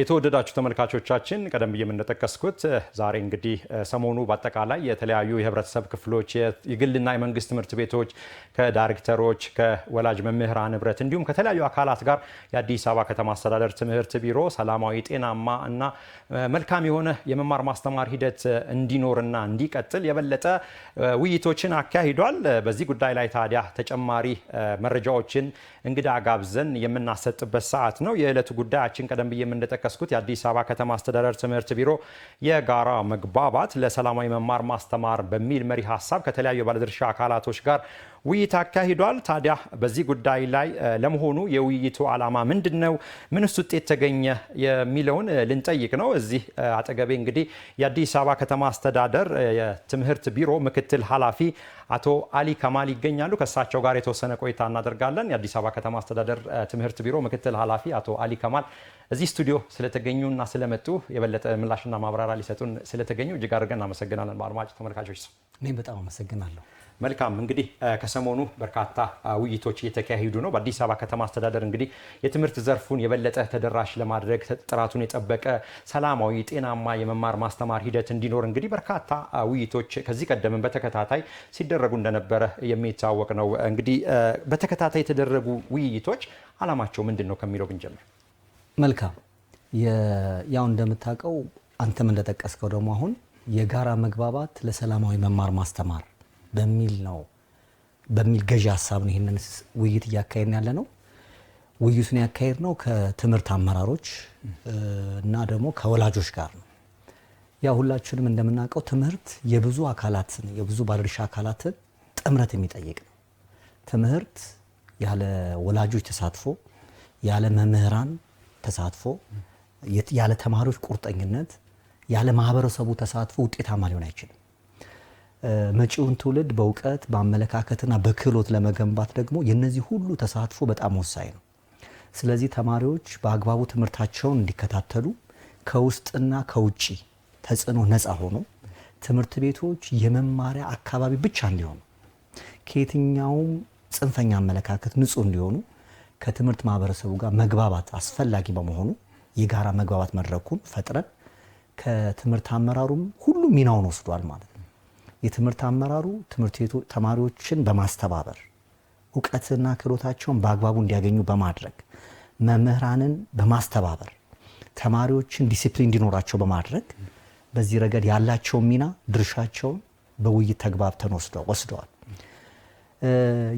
የተወደዳችሁ ተመልካቾቻችን ቀደም ብዬ የምንጠቀስኩት ዛሬ እንግዲህ ሰሞኑ በአጠቃላይ የተለያዩ የህብረተሰብ ክፍሎች የግልና የመንግስት ትምህርት ቤቶች ከዳይሬክተሮች ከወላጅ መምህራን ህብረት እንዲሁም ከተለያዩ አካላት ጋር የአዲስ አበባ ከተማ አስተዳደር ትምህርት ቢሮ ሰላማዊ፣ ጤናማ እና መልካም የሆነ የመማር ማስተማር ሂደት እንዲኖርና እንዲቀጥል የበለጠ ውይይቶችን አካሂዷል። በዚህ ጉዳይ ላይ ታዲያ ተጨማሪ መረጃዎችን እንግዳ ጋብዘን የምናሰጥበት ሰዓት ነው። የዕለቱ ጉዳያችን ቀደም ብዬ የምንጠቀስ የጠቀስኩት የአዲስ አበባ ከተማ አስተዳደር ትምህርት ቢሮ የጋራ መግባባት ለሰላማዊ መማር ማስተማር በሚል መሪ ሀሳብ ከተለያዩ የባለድርሻ አካላቶች ጋር ውይይት አካሂዷል። ታዲያ በዚህ ጉዳይ ላይ ለመሆኑ የውይይቱ ዓላማ ምንድን ነው? ምንስ ውጤት ተገኘ? የሚለውን ልንጠይቅ ነው። እዚህ አጠገቤ እንግዲህ የአዲስ አበባ ከተማ አስተዳደር የትምህርት ቢሮ ምክትል ኃላፊ አቶ አሊ ከማል ይገኛሉ። ከእሳቸው ጋር የተወሰነ ቆይታ እናደርጋለን። የአዲስ አበባ ከተማ አስተዳደር ትምህርት ቢሮ ምክትል ኃላፊ አቶ አሊ ከማል እዚህ ስቱዲዮ ስለተገኙና ስለመጡ የበለጠ ምላሽና ማብራሪያ ሊሰጡን ስለተገኙ እጅግ አድርገን እናመሰግናለን። በአድማጭ ተመልካቾች እኔም በጣም አመሰግናለሁ። መልካም እንግዲህ ከሰሞኑ በርካታ ውይይቶች እየተካሄዱ ነው። በአዲስ አበባ ከተማ አስተዳደር እንግዲህ የትምህርት ዘርፉን የበለጠ ተደራሽ ለማድረግ ጥራቱን የጠበቀ ሰላማዊ፣ ጤናማ የመማር ማስተማር ሂደት እንዲኖር እንግዲህ በርካታ ውይይቶች ከዚህ ቀደምን በተከታታይ ሲደረጉ እንደነበረ የሚታወቅ ነው። እንግዲህ በተከታታይ የተደረጉ ውይይቶች አላማቸው ምንድን ነው ከሚለው ብንጀምር መልካም። ያው እንደምታውቀው አንተም እንደጠቀስከው ደግሞ አሁን የጋራ መግባባት ለሰላማዊ መማር ማስተማር በሚል ነው በሚል ገዢ ሀሳብ ነው ይህንን ውይይት እያካሄድን ያለ ነው። ውይይቱን ያካሄድ ነው ከትምህርት አመራሮች እና ደግሞ ከወላጆች ጋር ነው። ያው ሁላችንም እንደምናውቀው ትምህርት የብዙ አካላትን የብዙ ባለድርሻ አካላትን ጥምረት የሚጠይቅ ነው። ትምህርት ያለ ወላጆች ተሳትፎ፣ ያለ መምህራን ተሳትፎ፣ ያለ ተማሪዎች ቁርጠኝነት፣ ያለ ማህበረሰቡ ተሳትፎ ውጤታማ ሊሆን አይችልም። መጪውን ትውልድ በእውቀት በአመለካከትና በክህሎት ለመገንባት ደግሞ የነዚህ ሁሉ ተሳትፎ በጣም ወሳኝ ነው። ስለዚህ ተማሪዎች በአግባቡ ትምህርታቸውን እንዲከታተሉ ከውስጥና ከውጭ ተጽዕኖ ነፃ ሆኖ ትምህርት ቤቶች የመማሪያ አካባቢ ብቻ እንዲሆኑ ከየትኛውም ጽንፈኛ አመለካከት ንጹህ እንዲሆኑ ከትምህርት ማህበረሰቡ ጋር መግባባት አስፈላጊ በመሆኑ የጋራ መግባባት መድረኩን ፈጥረን ከትምህርት አመራሩም ሁሉ ሚናውን ወስዷል ማለት ነው። የትምህርት አመራሩ ትምህርት ቤቱ ተማሪዎችን በማስተባበር እውቀትና ክህሎታቸውን በአግባቡ እንዲያገኙ በማድረግ መምህራንን በማስተባበር ተማሪዎችን ዲሲፕሊን እንዲኖራቸው በማድረግ በዚህ ረገድ ያላቸውን ሚና ድርሻቸውን በውይይት ተግባብተን ወስደዋል።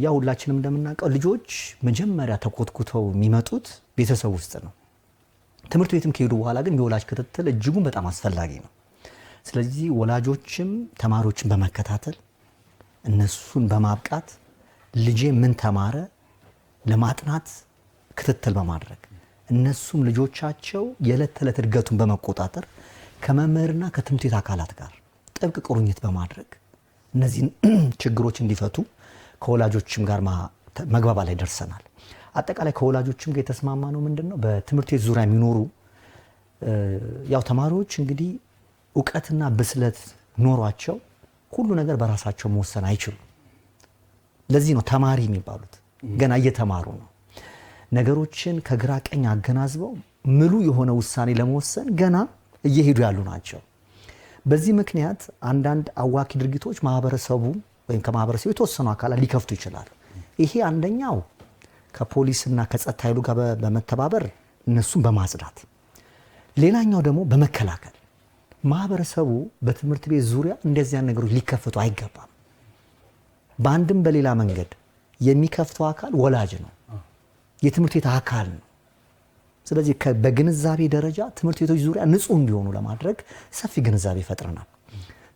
ያ ሁላችንም እንደምናውቀው ልጆች መጀመሪያ ተኮትኩተው የሚመጡት ቤተሰብ ውስጥ ነው። ትምህርት ቤትም ከሄዱ በኋላ ግን የወላጅ ክትትል እጅጉን በጣም አስፈላጊ ነው። ስለዚህ ወላጆችም ተማሪዎችን በመከታተል እነሱን በማብቃት ልጄ ምን ተማረ ለማጥናት ክትትል በማድረግ እነሱም ልጆቻቸው የዕለት ተዕለት እድገቱን በመቆጣጠር ከመምህርና ከትምህርት ቤት አካላት ጋር ጥብቅ ቁርኝት በማድረግ እነዚህን ችግሮች እንዲፈቱ ከወላጆችም ጋር መግባባ ላይ ደርሰናል። አጠቃላይ ከወላጆችም ጋር የተስማማ ነው ምንድን ነው በትምህርት ቤት ዙሪያ የሚኖሩ ያው ተማሪዎች እንግዲህ እውቀትና ብስለት ኖሯቸው ሁሉ ነገር በራሳቸው መወሰን አይችሉም። ለዚህ ነው ተማሪ የሚባሉት። ገና እየተማሩ ነው። ነገሮችን ከግራ ቀኝ አገናዝበው ምሉ የሆነ ውሳኔ ለመወሰን ገና እየሄዱ ያሉ ናቸው። በዚህ ምክንያት አንዳንድ አዋኪ ድርጊቶች ማህበረሰቡ ወይም ከማህበረሰቡ የተወሰኑ አካላት ሊከፍቱ ይችላሉ። ይሄ አንደኛው ከፖሊስና ከጸጥታ ኃይሉ ጋር በመተባበር እነሱን በማጽዳት ሌላኛው ደግሞ በመከላከል ማህበረሰቡ በትምህርት ቤት ዙሪያ እንደዚያን ነገሮች ሊከፈቱ አይገባም። በአንድም በሌላ መንገድ የሚከፍተው አካል ወላጅ ነው፣ የትምህርት ቤት አካል ነው። ስለዚህ በግንዛቤ ደረጃ ትምህርት ቤቶች ዙሪያ ንጹህ እንዲሆኑ ለማድረግ ሰፊ ግንዛቤ ፈጥረናል።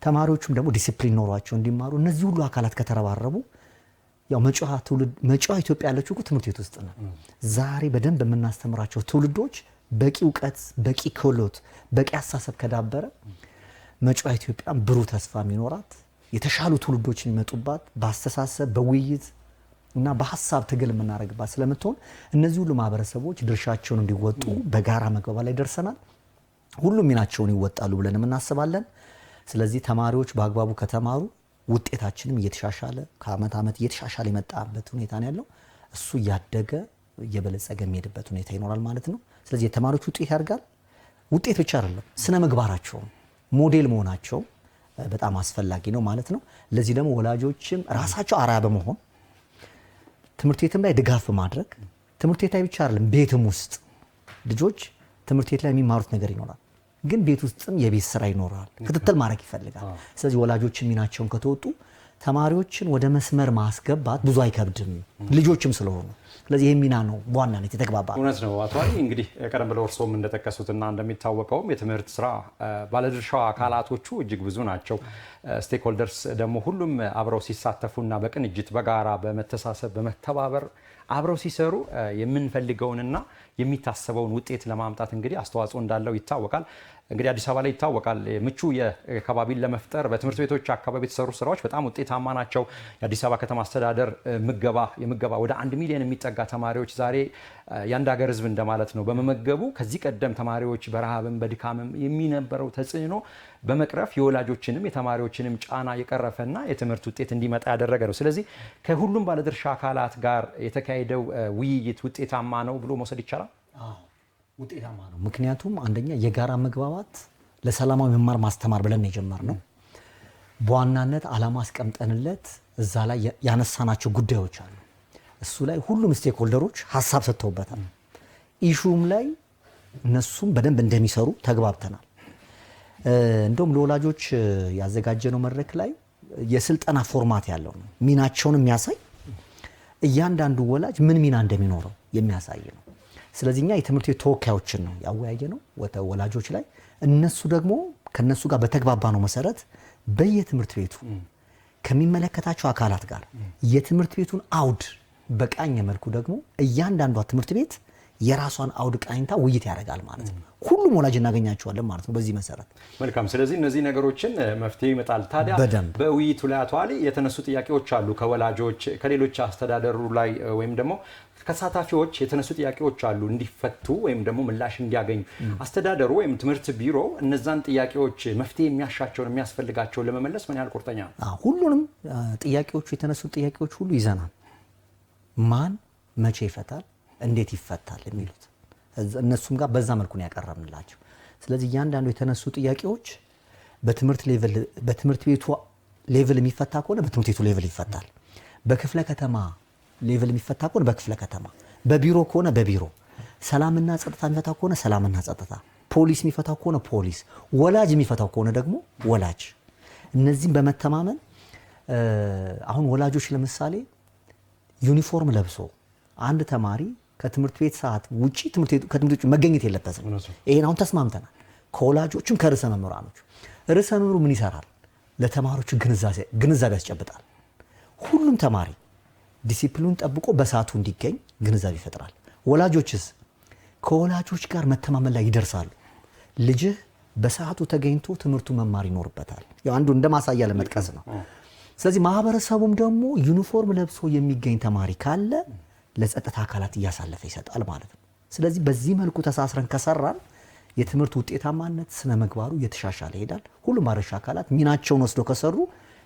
ተማሪዎቹም ደግሞ ዲሲፕሊን ኖሯቸው እንዲማሩ እነዚህ ሁሉ አካላት ከተረባረቡ ያው መጪዋ ትውልድ መጪዋ ኢትዮጵያ ያለችው ትምህርት ቤት ውስጥ ነው። ዛሬ በደንብ የምናስተምራቸው ትውልዶች በቂ እውቀት፣ በቂ ክህሎት፣ በቂ አሳሰብ ከዳበረ መጪዋ ኢትዮጵያን ብሩህ ተስፋ የሚኖራት የተሻሉ ትውልዶች የሚመጡባት በአስተሳሰብ በውይይት እና በሀሳብ ትግል የምናደርግባት ስለምትሆን እነዚህ ሁሉ ማህበረሰቦች ድርሻቸውን እንዲወጡ በጋራ መግባባት ላይ ደርሰናል። ሁሉም ሚናቸውን ይወጣሉ ብለን እናስባለን። ስለዚህ ተማሪዎች በአግባቡ ከተማሩ ውጤታችንም እየተሻሻለ ከአመት ዓመት እየተሻሻለ የመጣበት ሁኔታ ነው ያለው። እሱ እያደገ እየበለጸገ የሚሄድበት ሁኔታ ይኖራል ማለት ነው። ስለዚህ የተማሪዎች ውጤት ያደርጋል። ውጤት ብቻ አይደለም፣ ስነ ምግባራቸውም ሞዴል መሆናቸው በጣም አስፈላጊ ነው ማለት ነው። ለዚህ ደግሞ ወላጆችም ራሳቸው አራ በመሆን ትምህርት ቤትም ላይ ድጋፍ ማድረግ ትምህርት ቤት ላይ ብቻ አይደለም፣ ቤትም ውስጥ ልጆች ትምህርት ቤት ላይ የሚማሩት ነገር ይኖራል፣ ግን ቤት ውስጥም የቤት ስራ ይኖራል፣ ክትትል ማድረግ ይፈልጋል። ስለዚህ ወላጆች ሚናቸውን ከተወጡ ተማሪዎችን ወደ መስመር ማስገባት ብዙ አይከብድም ልጆችም ስለሆኑ ስለዚህ ይህ ሚና ነው በዋናነት የተግባባ እውነት ነው። አቶ አሊ እንግዲህ ቀደም ብለው እርስዎም እንደጠቀሱትና እንደሚታወቀውም የትምህርት ስራ ባለድርሻ አካላቶቹ እጅግ ብዙ ናቸው። ስቴክሆልደርስ ደግሞ ሁሉም አብረው ሲሳተፉና በቅንጅት በጋራ በመተሳሰብ በመተባበር አብረው ሲሰሩ የምንፈልገውንና የሚታሰበውን ውጤት ለማምጣት እንግዲህ አስተዋጽኦ እንዳለው ይታወቃል። እንግዲህ አዲስ አበባ ላይ ይታወቃል ምቹ የከባቢን ለመፍጠር በትምህርት ቤቶች አካባቢ የተሰሩ ስራዎች በጣም ውጤታማ ናቸው። የአዲስ አበባ ከተማ አስተዳደር ምገባ የምገባ ወደ አንድ ሚሊዮን የሚጠጋ ተማሪዎች ዛሬ የአንድ ሀገር ህዝብ እንደማለት ነው በመመገቡ ከዚህ ቀደም ተማሪዎች በረሃብም በድካምም የሚነበረው ተጽዕኖ በመቅረፍ የወላጆችንም የተማሪዎችንም ጫና የቀረፈና የትምህርት ውጤት እንዲመጣ ያደረገ ነው። ስለዚህ ከሁሉም ባለድርሻ አካላት ጋር የተካሄደው ውይይት ውጤታማ ነው ብሎ መውሰድ ይቻላል። ውጤታማ ነው። ምክንያቱም አንደኛ የጋራ መግባባት ለሰላማዊ መማር ማስተማር ብለን የጀመር ነው። በዋናነት አላማ አስቀምጠንለት እዛ ላይ ያነሳናቸው ጉዳዮች አሉ። እሱ ላይ ሁሉም ስቴክ ሆልደሮች ሀሳብ ሰጥተውበታል። ኢሹም ላይ እነሱም በደንብ እንደሚሰሩ ተግባብተናል። እንደውም ለወላጆች ያዘጋጀነው መድረክ ላይ የስልጠና ፎርማት ያለው ነው። ሚናቸውን የሚያሳይ እያንዳንዱ ወላጅ ምን ሚና እንደሚኖረው የሚያሳይ ነው። ስለዚህ እኛ የትምህርት ቤት ተወካዮችን ነው ያወያየ ነው ወላጆች ላይ እነሱ ደግሞ ከነሱ ጋር በተግባባ ነው መሰረት በየትምህርት ቤቱ ከሚመለከታቸው አካላት ጋር የትምህርት ቤቱን አውድ በቃኝ መልኩ ደግሞ እያንዳንዷ ትምህርት ቤት የራሷን አውድ ቃኝታ ውይይት ያደርጋል ማለት ነው። ሁሉም ወላጅ እናገኛቸዋለን ማለት ነው። በዚህ መሰረት መልካም። ስለዚህ እነዚህ ነገሮችን መፍትሄ ይመጣል። ታዲያ በውይይቱ ላይ አቶ አሊ የተነሱ ጥያቄዎች አሉ። ከወላጆች ከሌሎች አስተዳደሩ ላይ ወይም ደግሞ ከተሳታፊዎች የተነሱ ጥያቄዎች አሉ። እንዲፈቱ ወይም ደግሞ ምላሽ እንዲያገኙ አስተዳደሩ ወይም ትምህርት ቢሮ እነዛን ጥያቄዎች መፍትሄ የሚያሻቸውን የሚያስፈልጋቸውን ለመመለስ ምን ያህል ቁርጠኛ ነው? ሁሉንም ጥያቄዎቹ የተነሱ ጥያቄዎች ሁሉ ይዘናል። ማን መቼ ይፈታል፣ እንዴት ይፈታል የሚሉት እነሱም ጋር በዛ መልኩ ነው ያቀረብንላቸው። ስለዚህ እያንዳንዱ የተነሱ ጥያቄዎች በትምህርት ቤቱ ሌቭል የሚፈታ ከሆነ በትምህርት ቤቱ ሌቭል ይፈታል። በክፍለ ከተማ ሌቭል የሚፈታ ከሆነ በክፍለ ከተማ፣ በቢሮ ከሆነ በቢሮ፣ ሰላምና ጸጥታ የሚፈታ ከሆነ ሰላምና ጸጥታ፣ ፖሊስ የሚፈታው ከሆነ ፖሊስ፣ ወላጅ የሚፈታው ከሆነ ደግሞ ወላጅ። እነዚህም በመተማመን አሁን ወላጆች ለምሳሌ ዩኒፎርም ለብሶ አንድ ተማሪ ከትምህርት ቤት ሰዓት ውጪ ከትምህርት መገኘት የለበትም። ይሄን አሁን ተስማምተናል ከወላጆችም ከርዕሰ መምህራኖች። ርዕሰ መምህሩ ምን ይሰራል? ለተማሪዎቹ ግንዛቤ ያስጨብጣል። ሁሉም ተማሪ ዲሲፕሊን ጠብቆ በሰዓቱ እንዲገኝ ግንዛቤ ይፈጥራል። ወላጆችስ ከወላጆች ጋር መተማመን ላይ ይደርሳሉ። ልጅህ በሰዓቱ ተገኝቶ ትምህርቱ መማር ይኖርበታል። አንዱ እንደ ማሳያ ለመጥቀስ ነው። ስለዚህ ማህበረሰቡም ደግሞ ዩኒፎርም ለብሶ የሚገኝ ተማሪ ካለ ለጸጥታ አካላት እያሳለፈ ይሰጣል ማለት ነው። ስለዚህ በዚህ መልኩ ተሳስረን ከሰራን የትምህርት ውጤታማነት ስነ ምግባሩ እየተሻሻለ ይሄዳል። ሁሉም ባለድርሻ አካላት ሚናቸውን ወስደው ከሰሩ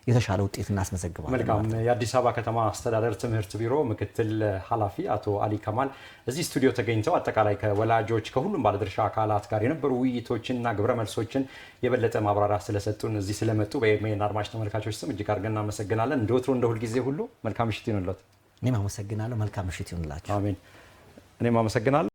የተሻለ ውጤት እናስመዘግባለን። መልካም። የአዲስ አበባ ከተማ አስተዳደር ትምህርት ቢሮ ምክትል ኃላፊ አቶ አሊ ከማል እዚህ ስቱዲዮ ተገኝተው አጠቃላይ ከወላጆች ከሁሉም ባለድርሻ አካላት ጋር የነበሩ ውይይቶችንና ግብረ መልሶችን የበለጠ ማብራሪያ ስለሰጡን እዚህ ስለመጡ በኤሜን አድማጭ ተመልካቾች ስም እጅግ አድርገን እናመሰግናለን። እንደ ወትሮ እንደ ሁልጊዜ ሁሉ መልካም ምሽት ይሁንለት። እኔም አመሰግናለሁ። መልካም ምሽት ይሁንላቸው። አሜን። እኔም አመሰግናለሁ።